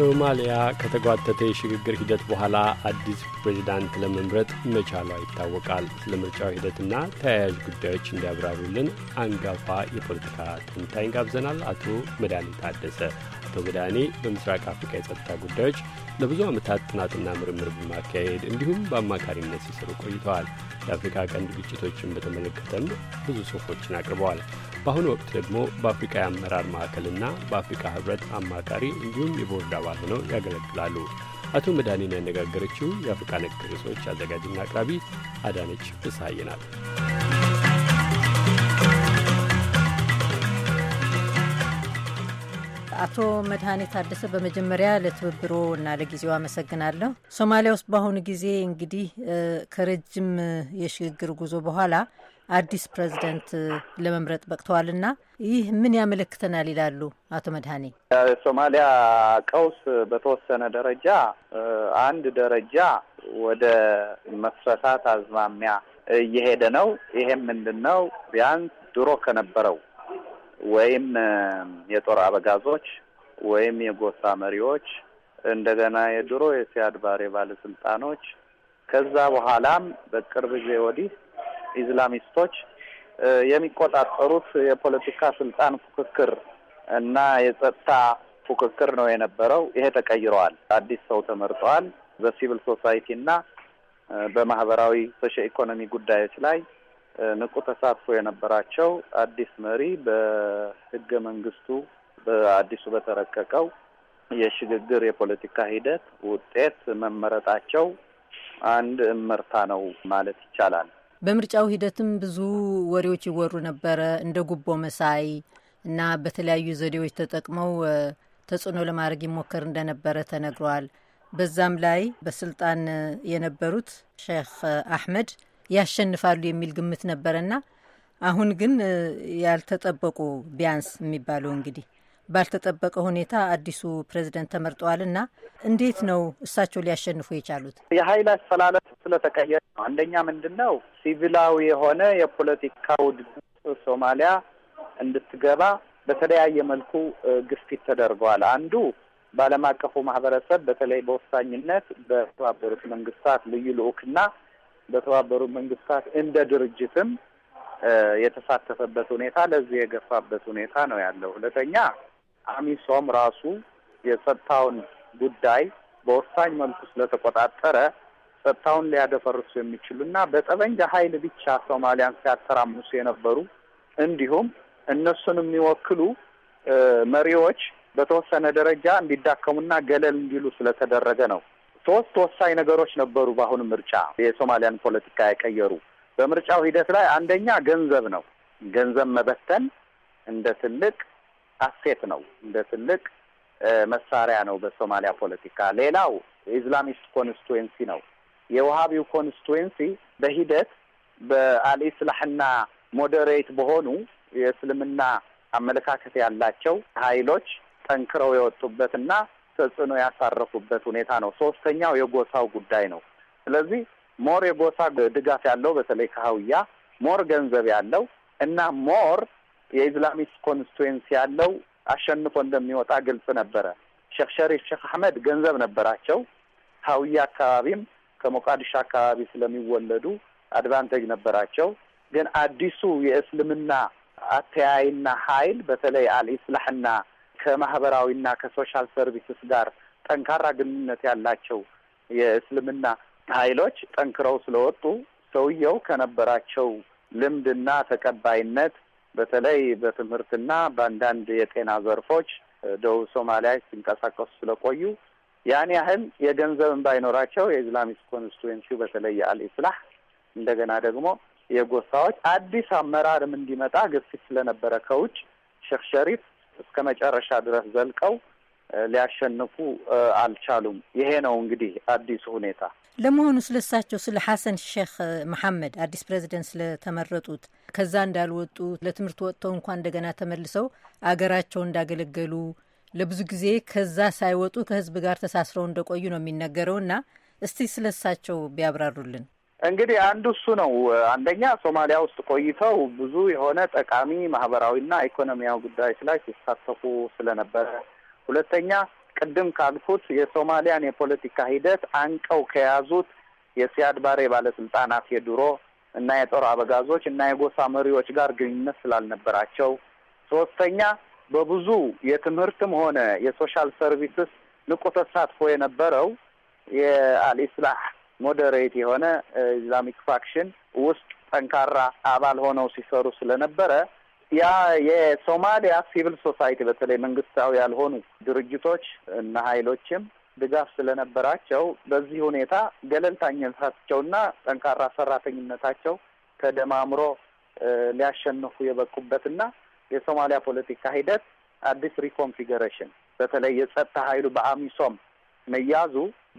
ሶማሊያ ከተጓተተ የሽግግር ሂደት በኋላ አዲስ ፕሬዚዳንት ለመምረጥ መቻሏ ይታወቃል። ስለ ምርጫው ሂደትና ተያያዥ ጉዳዮች እንዲያብራሩልን አንጋፋ የፖለቲካ ተንታኝ ጋብዘናል። አቶ መድኃኒት ታደሰ አቶ ገዳኔ በምስራቅ አፍሪካ የጸጥታ ጉዳዮች ለብዙ ዓመታት ጥናትና ምርምር በማካሄድ እንዲሁም በአማካሪነት ሲሰሩ ቆይተዋል። የአፍሪካ ቀንድ ግጭቶችን በተመለከተም ብዙ ጽሑፎችን አቅርበዋል። በአሁኑ ወቅት ደግሞ በአፍሪካ የአመራር ማዕከልና በአፍሪካ ህብረት አማካሪ እንዲሁም የቦርድ አባል ሆነው ያገለግላሉ። አቶ መድኃኔን ያነጋገረችው የአፍሪካ ነክ ርዕሶች አዘጋጅና አቅራቢ አዳነች ፍስሐዬ ናት። አቶ መድኃኔ ታደሰ በመጀመሪያ ለትብብሮ እና ለጊዜው አመሰግናለሁ። ሶማሊያ ውስጥ በአሁኑ ጊዜ እንግዲህ ከረጅም የሽግግር ጉዞ በኋላ አዲስ ፕሬዚደንት ለመምረጥ በቅተዋልና ይህ ምን ያመለክተናል ይላሉ አቶ መድኃኔ? ሶማሊያ ቀውስ በተወሰነ ደረጃ አንድ ደረጃ ወደ መፍረሳት አዝማሚያ እየሄደ ነው። ይሄ ምንድን ነው? ቢያንስ ድሮ ከነበረው ወይም የጦር አበጋዞች ወይም የጎሳ መሪዎች እንደገና የድሮ የሲያድ ባሬ ባለስልጣኖች ከዛ በኋላም በቅርብ ጊዜ ወዲህ ኢስላሚስቶች የሚቆጣጠሩት የፖለቲካ ስልጣን ፉክክር እና የጸጥታ ፉክክር ነው የነበረው። ይሄ ተቀይረዋል። አዲስ ሰው ተመርጠዋል። በሲቪል ሶሳይቲ እና በማህበራዊ ሶሽ ኢኮኖሚ ጉዳዮች ላይ ንቁ ተሳትፎ የነበራቸው አዲስ መሪ በህገ መንግስቱ በአዲሱ በተረቀቀው የሽግግር የፖለቲካ ሂደት ውጤት መመረጣቸው አንድ እመርታ ነው ማለት ይቻላል። በምርጫው ሂደትም ብዙ ወሬዎች ይወሩ ነበረ እንደ ጉቦ መሳይ እና በተለያዩ ዘዴዎች ተጠቅመው ተጽዕኖ ለማድረግ ይሞከር እንደነበረ ተነግሯል። በዛም ላይ በስልጣን የነበሩት ሼክ አህመድ ያሸንፋሉ የሚል ግምት ነበረና አሁን ግን ያልተጠበቁ ቢያንስ የሚባለው እንግዲህ ባልተጠበቀ ሁኔታ አዲሱ ፕሬዝደንት ተመርጠዋል እና እንዴት ነው እሳቸው ሊያሸንፉ የቻሉት? የሀይል አሰላለፍ ስለተቀየረ ነው። አንደኛ ምንድን ነው ሲቪላዊ የሆነ የፖለቲካ ውድድር ሶማሊያ እንድትገባ በተለያየ መልኩ ግፊት ተደርገዋል። አንዱ በዓለም አቀፉ ማህበረሰብ በተለይ በወሳኝነት በተባበሩት መንግስታት ልዩ ልዑክና በተባበሩት መንግስታት እንደ ድርጅትም የተሳተፈበት ሁኔታ ለዚህ የገፋበት ሁኔታ ነው ያለው። ሁለተኛ አሚሶም ራሱ የጸጥታውን ጉዳይ በወሳኝ መልኩ ስለተቆጣጠረ ጸጥታውን ሊያደፈርሱ የሚችሉ እና በጠበንጃ ኃይል ብቻ ሶማሊያን ሲያተራምሱ የነበሩ እንዲሁም እነሱን የሚወክሉ መሪዎች በተወሰነ ደረጃ እንዲዳከሙና ገለል እንዲሉ ስለተደረገ ነው ሶስት ወሳኝ ነገሮች ነበሩ በአሁኑ ምርጫ የሶማሊያን ፖለቲካ ያቀየሩ። በምርጫው ሂደት ላይ አንደኛ ገንዘብ ነው። ገንዘብ መበተን እንደ ትልቅ አሴት ነው፣ እንደ ትልቅ መሳሪያ ነው በሶማሊያ ፖለቲካ። ሌላው የኢስላሚስት ኮንስቲቱዌንሲ ነው። የውሃቢው ኮንስቲቱዌንሲ በሂደት በአልኢስላህና ሞዴሬት በሆኑ የእስልምና አመለካከት ያላቸው ኃይሎች ጠንክረው የወጡበትና ተጽዕኖ ያሳረፉበት ሁኔታ ነው። ሶስተኛው የጎሳው ጉዳይ ነው። ስለዚህ ሞር የጎሳ ድጋፍ ያለው በተለይ ከሀውያ ሞር ገንዘብ ያለው እና ሞር የኢስላሚስት ኮንስቲትዌንስ ያለው አሸንፎ እንደሚወጣ ግልጽ ነበረ። ሼክ ሸሪፍ ሼክ አህመድ ገንዘብ ነበራቸው። ሀውያ አካባቢም ከሞቃዲሾ አካባቢ ስለሚወለዱ አድቫንቴጅ ነበራቸው። ግን አዲሱ የእስልምና አተያይና ሀይል በተለይ አልኢስላህና ከማህበራዊና ከሶሻል ሰርቪስስ ጋር ጠንካራ ግንኙነት ያላቸው የእስልምና ኃይሎች ጠንክረው ስለወጡ ሰውየው ከነበራቸው ልምድና ተቀባይነት በተለይ በትምህርትና በአንዳንድ የጤና ዘርፎች ደቡብ ሶማሊያ ሲንቀሳቀሱ ስለቆዩ ያን ያህል የገንዘብን ባይኖራቸው የኢስላሚክ ኮንስቲቱዌንሲ በተለይ የአልኢስላህ እንደገና ደግሞ የጎሳዎች አዲስ አመራርም እንዲመጣ ግፊት ስለነበረ ከውጭ ሼክ ሸሪፍ እስከ መጨረሻ ድረስ ዘልቀው ሊያሸንፉ አልቻሉም። ይሄ ነው እንግዲህ አዲሱ ሁኔታ። ለመሆኑ ስለሳቸው ስለ ሐሰን ሼክ መሐመድ አዲስ ፕሬዚደንት ስለተመረጡት ከዛ እንዳልወጡ ለትምህርት ወጥተው እንኳን እንደገና ተመልሰው አገራቸው እንዳገለገሉ ለብዙ ጊዜ ከዛ ሳይወጡ ከህዝብ ጋር ተሳስረው እንደቆዩ ነው የሚነገረው እና እስቲ ስለሳቸው ቢያብራሩልን። እንግዲህ አንዱ እሱ ነው። አንደኛ ሶማሊያ ውስጥ ቆይተው ብዙ የሆነ ጠቃሚ ማህበራዊና ኢኮኖሚያዊ ጉዳዮች ላይ ሲሳተፉ ስለነበረ፣ ሁለተኛ ቅድም ካልኩት የሶማሊያን የፖለቲካ ሂደት አንቀው ከያዙት የሲያድ ባሬ ባለስልጣናት የድሮ እና የጦር አበጋዞች እና የጎሳ መሪዎች ጋር ግንኙነት ስላልነበራቸው፣ ሶስተኛ በብዙ የትምህርትም ሆነ የሶሻል ሰርቪስስ ንቁ ተሳትፎ የነበረው የአልኢስላህ ሞዴሬት የሆነ ኢስላሚክ ፋክሽን ውስጥ ጠንካራ አባል ሆነው ሲሰሩ ስለነበረ ያ የሶማሊያ ሲቪል ሶሳይቲ በተለይ መንግስታዊ ያልሆኑ ድርጅቶች እና ሀይሎችም ድጋፍ ስለነበራቸው በዚህ ሁኔታ ገለልተኝነታቸውና ጠንካራ ሰራተኝነታቸው ተደማምሮ ሊያሸንፉ የበቁበትና የሶማሊያ ፖለቲካ ሂደት አዲስ ሪኮንፊገሬሽን በተለይ የጸጥታ ሀይሉ በአሚሶም መያዙ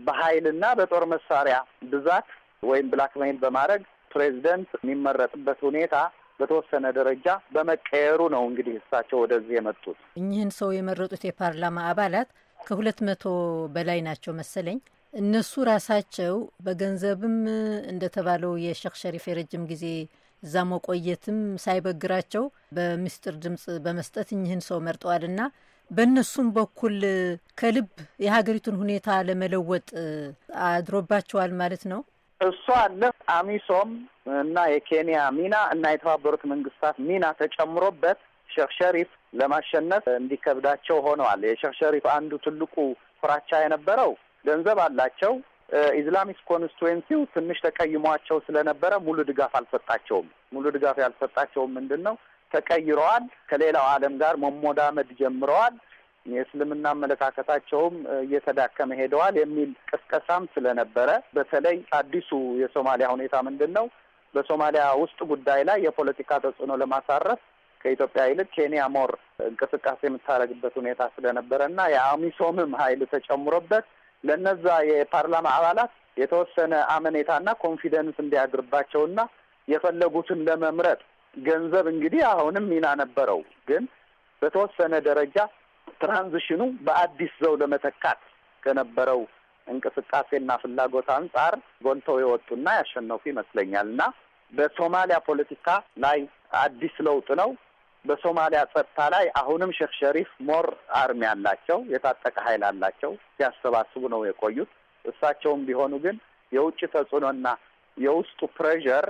በኃይልና በጦር መሳሪያ ብዛት ወይም ብላክ ሜይል በማድረግ ፕሬዚደንት የሚመረጥበት ሁኔታ በተወሰነ ደረጃ በመቀየሩ ነው። እንግዲህ እሳቸው ወደዚህ የመጡት እኚህን ሰው የመረጡት የፓርላማ አባላት ከሁለት መቶ በላይ ናቸው መሰለኝ። እነሱ ራሳቸው በገንዘብም እንደተባለው የሼክ ሸሪፍ የረጅም ጊዜ እዛ መቆየትም ሳይበግራቸው በምስጢር ድምፅ በመስጠት እኚህን ሰው መርጠዋልና በእነሱም በኩል ከልብ የሀገሪቱን ሁኔታ ለመለወጥ አድሮባቸዋል ማለት ነው። እሷ አለ አሚሶም እና የኬንያ ሚና እና የተባበሩት መንግስታት ሚና ተጨምሮበት ሼክ ሸሪፍ ለማሸነፍ እንዲከብዳቸው ሆነዋል። የሼክ ሸሪፍ አንዱ ትልቁ ፍራቻ የነበረው ገንዘብ አላቸው። ኢስላሚስት ኮንስቲቱዌንሲው ትንሽ ተቀይሟቸው ስለነበረ ሙሉ ድጋፍ አልሰጣቸውም። ሙሉ ድጋፍ ያልሰጣቸውም ምንድን ነው ተቀይረዋል። ከሌላው ዓለም ጋር መሞዳመድ ጀምረዋል። የእስልምና አመለካከታቸውም እየተዳከመ ሄደዋል የሚል ቅስቀሳም ስለነበረ በተለይ አዲሱ የሶማሊያ ሁኔታ ምንድን ነው? በሶማሊያ ውስጥ ጉዳይ ላይ የፖለቲካ ተጽዕኖ ለማሳረፍ ከኢትዮጵያ ይልቅ ኬንያ ሞር እንቅስቃሴ የምታደርግበት ሁኔታ ስለነበረ እና የአሚሶምም ኃይል ተጨምሮበት ለነዛ የፓርላማ አባላት የተወሰነ አመኔታና ኮንፊደንስ እንዲያድርባቸውና የፈለጉትን ለመምረጥ ገንዘብ እንግዲህ አሁንም ሚና ነበረው፣ ግን በተወሰነ ደረጃ ትራንዚሽኑ በአዲስ ዘው ለመተካት ከነበረው እንቅስቃሴና ፍላጎት አንጻር ጎልተው የወጡና ያሸነፉ ይመስለኛል እና በሶማሊያ ፖለቲካ ላይ አዲስ ለውጥ ነው። በሶማሊያ ጸጥታ ላይ አሁንም ሼክ ሸሪፍ ሞር አርሚ አላቸው፣ የታጠቀ ኃይል አላቸው ሲያሰባስቡ ነው የቆዩት። እሳቸውም ቢሆኑ ግን የውጭ ተጽዕኖና የውስጡ ፕሬዠር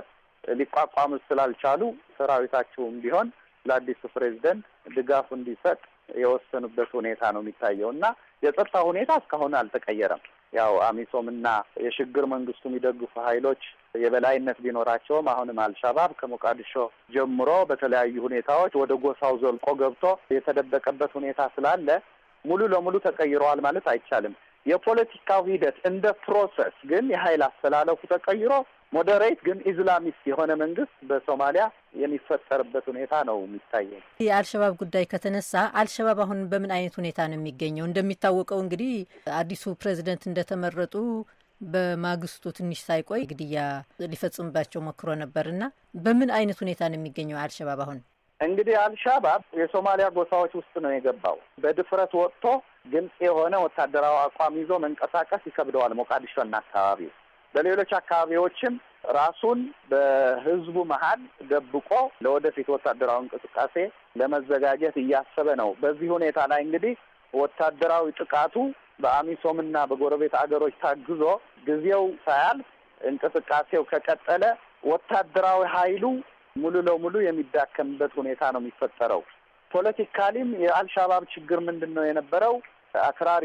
ሊቋቋሙ ስላልቻሉ ሰራዊታቸውም ቢሆን ለአዲሱ ፕሬዚደንት ድጋፉ እንዲሰጥ የወሰኑበት ሁኔታ ነው የሚታየው እና የጸጥታ ሁኔታ እስካሁን አልተቀየረም። ያው አሚሶም እና የሽግግር መንግስቱ የሚደግፉ ኃይሎች የበላይነት ቢኖራቸውም አሁንም አልሻባብ ከሞቃዲሾ ጀምሮ በተለያዩ ሁኔታዎች ወደ ጎሳው ዘልቆ ገብቶ የተደበቀበት ሁኔታ ስላለ ሙሉ ለሙሉ ተቀይረዋል ማለት አይቻልም። የፖለቲካው ሂደት እንደ ፕሮሰስ ግን የኃይል አስተላለፉ ተቀይሮ ሞዴሬት ግን ኢስላሚስት የሆነ መንግስት በሶማሊያ የሚፈጠርበት ሁኔታ ነው የሚታየኝ። የአልሸባብ ጉዳይ ከተነሳ አልሸባብ አሁን በምን አይነት ሁኔታ ነው የሚገኘው? እንደሚታወቀው እንግዲህ አዲሱ ፕሬዚደንት እንደተመረጡ በማግስቱ ትንሽ ሳይቆይ ግድያ ሊፈጽምባቸው ሞክሮ ነበር እና በምን አይነት ሁኔታ ነው የሚገኘው አልሸባብ አሁን? እንግዲህ አልሻባብ የሶማሊያ ጎሳዎች ውስጥ ነው የገባው። በድፍረት ወጥቶ ግልጽ የሆነ ወታደራዊ አቋም ይዞ መንቀሳቀስ ይከብደዋል ሞቃዲሾና አካባቢው በሌሎች አካባቢዎችም ራሱን በህዝቡ መሀል ደብቆ ለወደፊት ወታደራዊ እንቅስቃሴ ለመዘጋጀት እያሰበ ነው። በዚህ ሁኔታ ላይ እንግዲህ ወታደራዊ ጥቃቱ በአሚሶምና በጎረቤት አገሮች ታግዞ ጊዜው ሳያልፍ እንቅስቃሴው ከቀጠለ ወታደራዊ ኃይሉ ሙሉ ለሙሉ የሚዳከምበት ሁኔታ ነው የሚፈጠረው። ፖለቲካሊም የአልሻባብ ችግር ምንድን ነው የነበረው? አክራሪ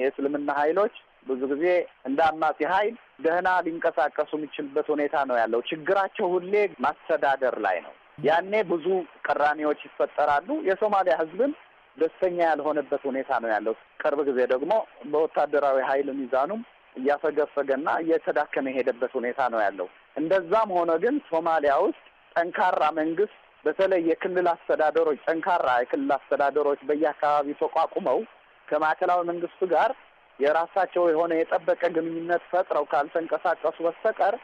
የእስልምና ኃይሎች ብዙ ጊዜ እንደ አማጺ ኃይል ደህና ሊንቀሳቀሱ የሚችልበት ሁኔታ ነው ያለው። ችግራቸው ሁሌ ማስተዳደር ላይ ነው። ያኔ ብዙ ቅራኔዎች ይፈጠራሉ። የሶማሊያ ህዝብም ደስተኛ ያልሆነበት ሁኔታ ነው ያለው። ቅርብ ጊዜ ደግሞ በወታደራዊ ኃይል ሚዛኑም እያፈገፈገና እየተዳከመ የሄደበት ሁኔታ ነው ያለው። እንደዛም ሆነ ግን ሶማሊያ ውስጥ ጠንካራ መንግስት በተለይ የክልል አስተዳደሮች ጠንካራ የክልል አስተዳደሮች በየአካባቢው ተቋቁመው ከማዕከላዊ መንግስቱ ጋር የራሳቸው የሆነ የጠበቀ ግንኙነት ፈጥረው ካልተንቀሳቀሱ በስተቀር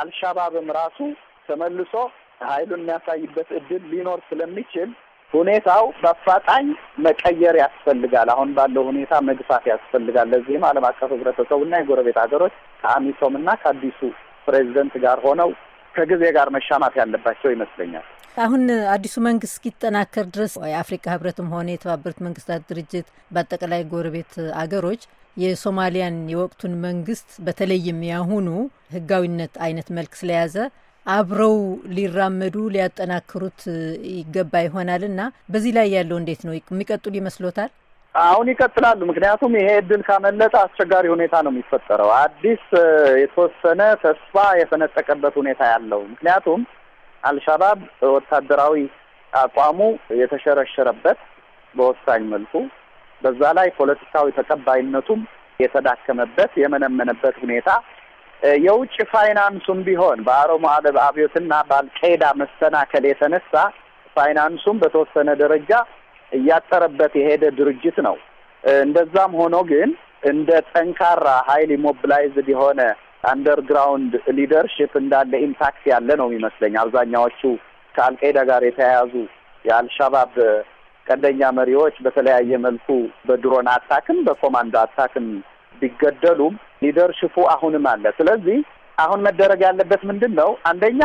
አልሻባብም ራሱ ተመልሶ ኃይሉን የሚያሳይበት እድል ሊኖር ስለሚችል ሁኔታው በአፋጣኝ መቀየር ያስፈልጋል። አሁን ባለው ሁኔታ መግፋት ያስፈልጋል። ለዚህም ዓለም አቀፍ ህብረተሰቡና የጎረቤት ሀገሮች ከአሚሶም እና ከአዲሱ ፕሬዚደንት ጋር ሆነው ከጊዜ ጋር መሻማት ያለባቸው ይመስለኛል። አሁን አዲሱ መንግስት እስኪጠናከር ድረስ የአፍሪካ ህብረትም ሆነ የተባበሩት መንግስታት ድርጅት በአጠቃላይ ጎረቤት አገሮች የሶማሊያን የወቅቱን መንግስት በተለይም ያሁኑ ህጋዊነት አይነት መልክ ስለያዘ አብረው ሊራመዱ ሊያጠናክሩት ይገባ ይሆናል እና በዚህ ላይ ያለው እንዴት ነው የሚቀጥሉ ይመስሎታል? አሁን ይቀጥላሉ። ምክንያቱም ይሄ እድል ካመለጠ አስቸጋሪ ሁኔታ ነው የሚፈጠረው። አዲስ የተወሰነ ተስፋ የፈነጠቀበት ሁኔታ ያለው ምክንያቱም አልሻባብ ወታደራዊ አቋሙ የተሸረሸረበት በወሳኝ መልኩ በዛ ላይ ፖለቲካዊ ተቀባይነቱም የተዳከመበት የመነመነበት ሁኔታ የውጭ ፋይናንሱም ቢሆን በአረቡ ዓለም አብዮትና በአልቃይዳ መሰናከል የተነሳ ፋይናንሱም በተወሰነ ደረጃ እያጠረበት የሄደ ድርጅት ነው። እንደዛም ሆኖ ግን እንደ ጠንካራ ሀይል ሞብላይዝድ የሆነ አንደርግራውንድ ሊደርሽፕ እንዳለ ኢምፓክት ያለ ነው የሚመስለኝ። አብዛኛዎቹ ከአልቀይዳ ጋር የተያያዙ የአልሻባብ ቀንደኛ መሪዎች በተለያየ መልኩ በድሮን አታክም በኮማንዶ አታክም ቢገደሉም ሊደርሽፉ አሁንም አለ። ስለዚህ አሁን መደረግ ያለበት ምንድን ነው? አንደኛ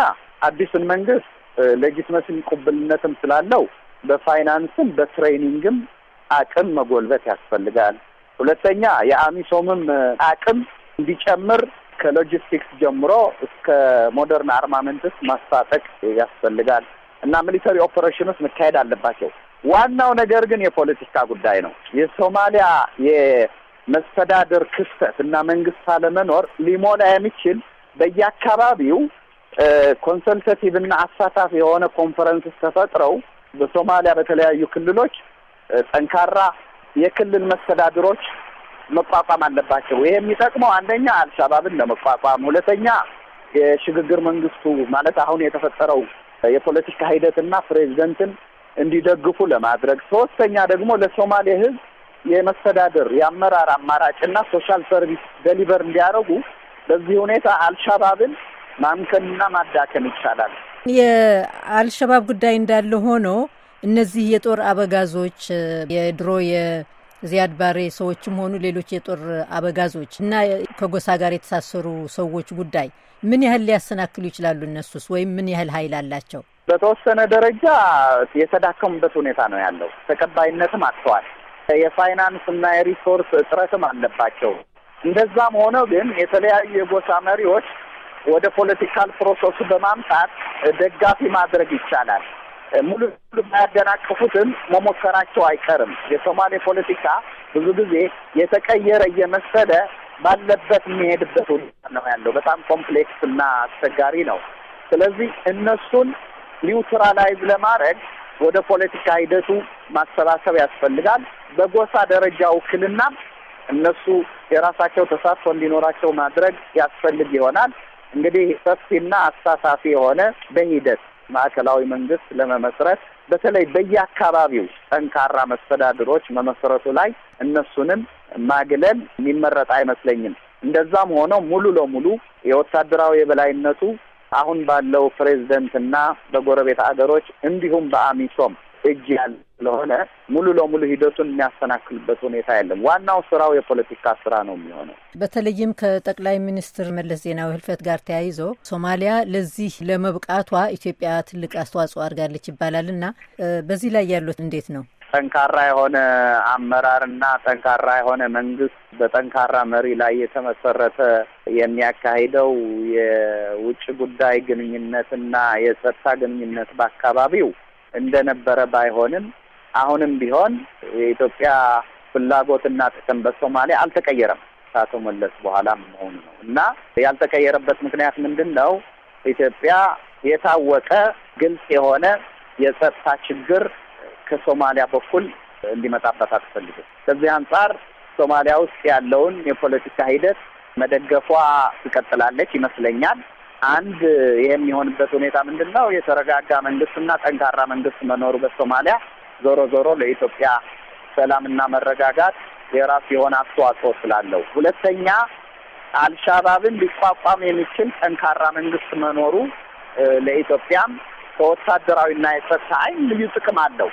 አዲሱን መንግስት ሌጂትመሲን ቁብልነትም ስላለው በፋይናንስም በትሬኒንግም አቅም መጎልበት ያስፈልጋል። ሁለተኛ የአሚሶምም አቅም እንዲጨምር ከሎጂስቲክስ ጀምሮ እስከ ሞደርን አርማመንትስ ማስታጠቅ ያስፈልጋል እና ሚሊተሪ ኦፐሬሽኖች መካሄድ አለባቸው። ዋናው ነገር ግን የፖለቲካ ጉዳይ ነው። የሶማሊያ የመስተዳደር ክፍተት እና መንግስት አለመኖር ሊሞላ የሚችል በየአካባቢው ኮንሰልተቲቭ እና አሳታፊ የሆነ ኮንፈረንስ ተፈጥረው በሶማሊያ በተለያዩ ክልሎች ጠንካራ የክልል መስተዳድሮች መቋቋም አለባቸው። ይሄ የሚጠቅመው አንደኛ አልሻባብን ለመቋቋም፣ ሁለተኛ የሽግግር መንግስቱ ማለት አሁን የተፈጠረው የፖለቲካ ሂደትና ፕሬዚደንትን እንዲደግፉ ለማድረግ፣ ሶስተኛ ደግሞ ለሶማሌ ህዝብ የመስተዳደር የአመራር አማራጭና ሶሻል ሰርቪስ ደሊቨር እንዲያደርጉ በዚህ ሁኔታ አልሻባብን ማምከንና ማዳከም ይቻላል። የአልሸባብ ጉዳይ እንዳለ ሆኖ እነዚህ የጦር አበጋዞች የድሮ የዚያድ ባሬ ሰዎችም ሆኑ ሌሎች የጦር አበጋዞች እና ከጎሳ ጋር የተሳሰሩ ሰዎች ጉዳይ ምን ያህል ሊያሰናክሉ ይችላሉ? እነሱስ ወይም ምን ያህል ኃይል አላቸው? በተወሰነ ደረጃ የተዳከሙበት ሁኔታ ነው ያለው። ተቀባይነትም አጥተዋል። የፋይናንስ እና የሪሶርስ እጥረትም አለባቸው። እንደዛም ሆነ ግን የተለያዩ የጎሳ መሪዎች ወደ ፖለቲካል ፕሮሰሱ በማምጣት ደጋፊ ማድረግ ይቻላል። ሙሉ ሙሉ ባያደናቅፉትም መሞከራቸው አይቀርም። የሶማሌ ፖለቲካ ብዙ ጊዜ የተቀየረ እየመሰለ ባለበት የሚሄድበት ሁኔታ ነው ያለው። በጣም ኮምፕሌክስ እና አስቸጋሪ ነው። ስለዚህ እነሱን ኒውትራላይዝ ለማድረግ ወደ ፖለቲካ ሂደቱ ማሰባሰብ ያስፈልጋል። በጎሳ ደረጃ ውክልና እነሱ የራሳቸው ተሳትፎ እንዲኖራቸው ማድረግ ያስፈልግ ይሆናል። እንግዲህ ሰፊና አሳታፊ የሆነ በሂደት ማዕከላዊ መንግስት ለመመስረት በተለይ በየአካባቢው ጠንካራ መስተዳድሮች መመስረቱ ላይ እነሱንም ማግለል የሚመረጥ አይመስለኝም። እንደዛም ሆነው ሙሉ ለሙሉ የወታደራዊ የበላይነቱ አሁን ባለው ፕሬዝደንትና በጎረቤት አገሮች እንዲሁም በአሚሶም እጅ ያለ ስለሆነ ሙሉ ለሙሉ ሂደቱን የሚያሰናክልበት ሁኔታ የለም። ዋናው ስራው የፖለቲካ ስራ ነው የሚሆነው። በተለይም ከጠቅላይ ሚኒስትር መለስ ዜናዊ ህልፈት ጋር ተያይዞ ሶማሊያ ለዚህ ለመብቃቷ ኢትዮጵያ ትልቅ አስተዋጽኦ አድርጋለች ይባላል እና በዚህ ላይ ያሉት እንዴት ነው? ጠንካራ የሆነ አመራርና ጠንካራ የሆነ መንግስት በጠንካራ መሪ ላይ የተመሰረተ የሚያካሂደው የውጭ ጉዳይ ግንኙነትና የጸጥታ ግንኙነት በአካባቢው እንደነበረ ባይሆንም አሁንም ቢሆን የኢትዮጵያ ፍላጎትና ጥቅም በሶማሊያ አልተቀየረም። ከአቶ መለስ በኋላ መሆኑ ነው እና ያልተቀየረበት ምክንያት ምንድን ነው? ኢትዮጵያ የታወቀ ግልጽ የሆነ የጸጥታ ችግር ከሶማሊያ በኩል እንዲመጣበት አትፈልግም። ከዚህ አንጻር ሶማሊያ ውስጥ ያለውን የፖለቲካ ሂደት መደገፏ ትቀጥላለች ይመስለኛል። አንድ ይህ የሚሆንበት ሁኔታ ምንድን ነው? የተረጋጋ መንግስትና ጠንካራ መንግስት መኖሩ በሶማሊያ ዞሮ ዞሮ ለኢትዮጵያ ሰላምና መረጋጋት የራሱ የሆነ አስተዋጽኦ ስላለው፣ ሁለተኛ አልሻባብን ሊቋቋም የሚችል ጠንካራ መንግስት መኖሩ ለኢትዮጵያም ከወታደራዊና የጸጥታ አይን ልዩ ጥቅም አለው።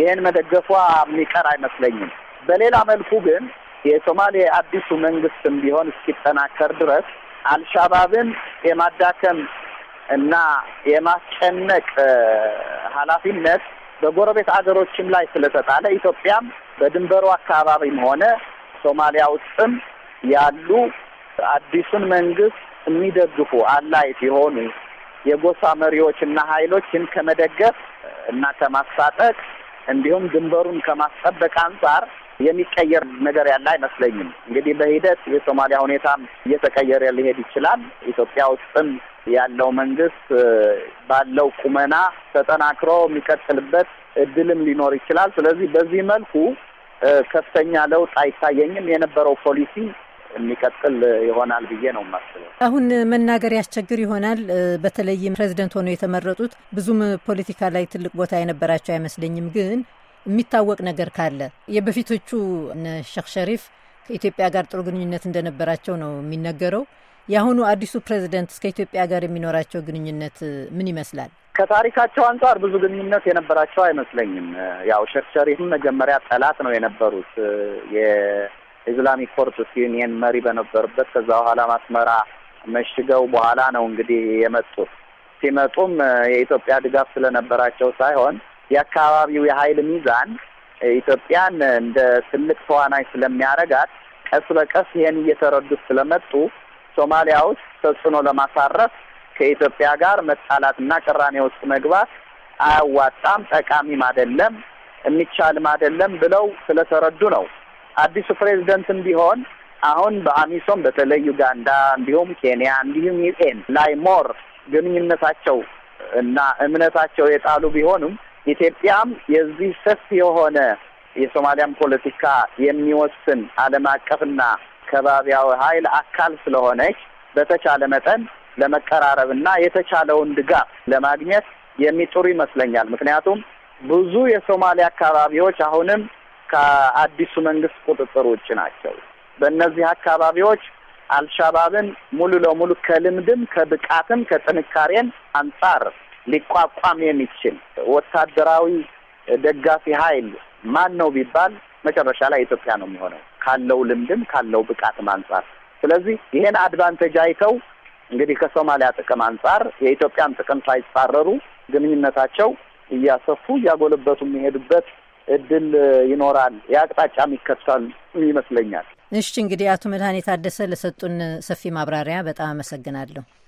ይህን መደገፏ የሚቀር አይመስለኝም። በሌላ መልኩ ግን የሶማሌ አዲሱ መንግስትም ቢሆን እስኪጠናከር ድረስ አልሻባብን የማዳከም እና የማስጨነቅ ኃላፊነት በጎረቤት አገሮችም ላይ ስለተጣለ ኢትዮጵያም በድንበሩ አካባቢም ሆነ ሶማሊያ ውስጥም ያሉ አዲሱን መንግስት የሚደግፉ አላይ ሲሆኑ የጎሳ መሪዎች እና ኃይሎችን ከመደገፍ እና ከማስታጠቅ እንዲሁም ድንበሩን ከማስጠበቅ አንጻር የሚቀየር ነገር ያለ አይመስለኝም። እንግዲህ በሂደት የሶማሊያ ሁኔታም እየተቀየረ ሊሄድ ይችላል። ኢትዮጵያ ውስጥም ያለው መንግስት ባለው ቁመና ተጠናክሮ የሚቀጥልበት እድልም ሊኖር ይችላል። ስለዚህ በዚህ መልኩ ከፍተኛ ለውጥ አይታየኝም። የነበረው ፖሊሲ የሚቀጥል ይሆናል ብዬ ነው የማስበው። አሁን መናገር ያስቸግር ይሆናል። በተለይም ፕሬዚደንት ሆነው የተመረጡት ብዙም ፖለቲካ ላይ ትልቅ ቦታ የነበራቸው አይመስለኝም ግን የሚታወቅ ነገር ካለ የበፊቶቹ እነ ሼክ ሸሪፍ ከኢትዮጵያ ጋር ጥሩ ግንኙነት እንደነበራቸው ነው የሚነገረው። የአሁኑ አዲሱ ፕሬዚደንት እስከ ኢትዮጵያ ጋር የሚኖራቸው ግንኙነት ምን ይመስላል? ከታሪካቸው አንጻር ብዙ ግንኙነት የነበራቸው አይመስለኝም። ያው ሼክ ሸሪፍም መጀመሪያ ጠላት ነው የነበሩት የኢስላሚክ ፎርስ ዩኒየን መሪ በነበሩበት ከዛ በኋላ ማስመራ መሽገው በኋላ ነው እንግዲህ የመጡት። ሲመጡም የኢትዮጵያ ድጋፍ ስለነበራቸው ሳይሆን የአካባቢው የሀይል ሚዛን ኢትዮጵያን እንደ ትልቅ ተዋናይ ስለሚያደርጋት ቀስ በቀስ ይሄን እየተረዱት ስለመጡ ሶማሊያ ውስጥ ተጽዕኖ ለማሳረፍ ከኢትዮጵያ ጋር መጣላትና ቅራኔ ውስጥ መግባት አያዋጣም፣ ጠቃሚም አይደለም፣ የሚቻልም አይደለም ብለው ስለተረዱ ነው። አዲሱ ፕሬዚደንትም ቢሆን አሁን በአሚሶም በተለይ ዩጋንዳ፣ እንዲሁም ኬንያ፣ እንዲሁም ዩኤን ላይ ሞር ግንኙነታቸው እና እምነታቸው የጣሉ ቢሆኑም ኢትዮጵያም የዚህ ሰፊ የሆነ የሶማሊያን ፖለቲካ የሚወስን ዓለም አቀፍና ከባቢያዊ ኃይል አካል ስለሆነች በተቻለ መጠን ለመቀራረብ ና የተቻለውን ድጋፍ ለማግኘት የሚጥሩ ይመስለኛል። ምክንያቱም ብዙ የሶማሊያ አካባቢዎች አሁንም ከአዲሱ መንግስት ቁጥጥር ውጭ ናቸው። በእነዚህ አካባቢዎች አልሻባብን ሙሉ ለሙሉ ከልምድም ከብቃትም ከጥንካሬን አንጻር ሊቋቋም የሚችል ወታደራዊ ደጋፊ ኃይል ማን ነው ቢባል መጨረሻ ላይ ኢትዮጵያ ነው የሚሆነው ካለው ልምድም ካለው ብቃትም አንጻር። ስለዚህ ይሄን አድቫንቴጅ አይተው እንግዲህ ከሶማሊያ ጥቅም አንጻር የኢትዮጵያን ጥቅም ሳይጻረሩ ግንኙነታቸው እያሰፉ እያጎለበቱ የሚሄዱበት እድል ይኖራል። የአቅጣጫ ይከፍታል ይመስለኛል። እሺ እንግዲህ አቶ መድኃኒት አደሰ ለሰጡን ሰፊ ማብራሪያ በጣም አመሰግናለሁ።